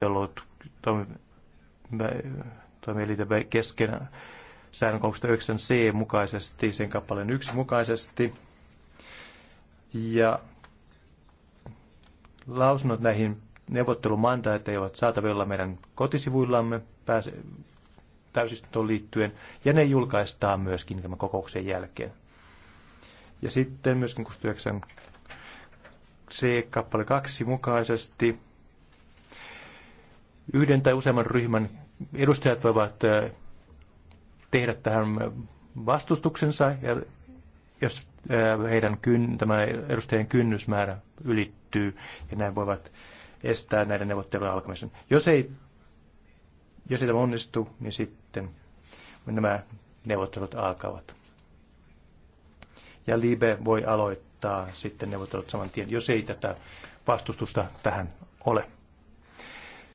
Jolloin toimi eli kesken säännön 39c mukaisesti, sen kappaleen yksi mukaisesti. Ja lausunnot näihin neuvottelumandaatteihin ovat saatavilla meidän kotisivuillamme pääse, täysistuntoon liittyen, ja ne julkaistaan myöskin tämän kokouksen jälkeen. Ja sitten myöskin 69c kappale 2 mukaisesti yhden tai useamman ryhmän edustajat voivat tehdä tähän vastustuksensa, ja jos heidän tämän tämä edustajien kynnysmäärä ylittyy, ja näin voivat estää näiden neuvottelujen alkamisen. Jos ei, jos ei tämä onnistu, niin sitten nämä neuvottelut alkavat. Ja Libe voi aloittaa sitten neuvottelut saman tien, jos ei tätä vastustusta tähän ole.